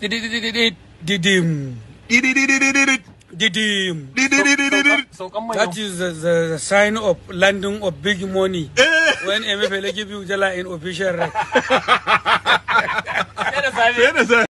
that is the sign of landing of big money when MFL give you jala in official right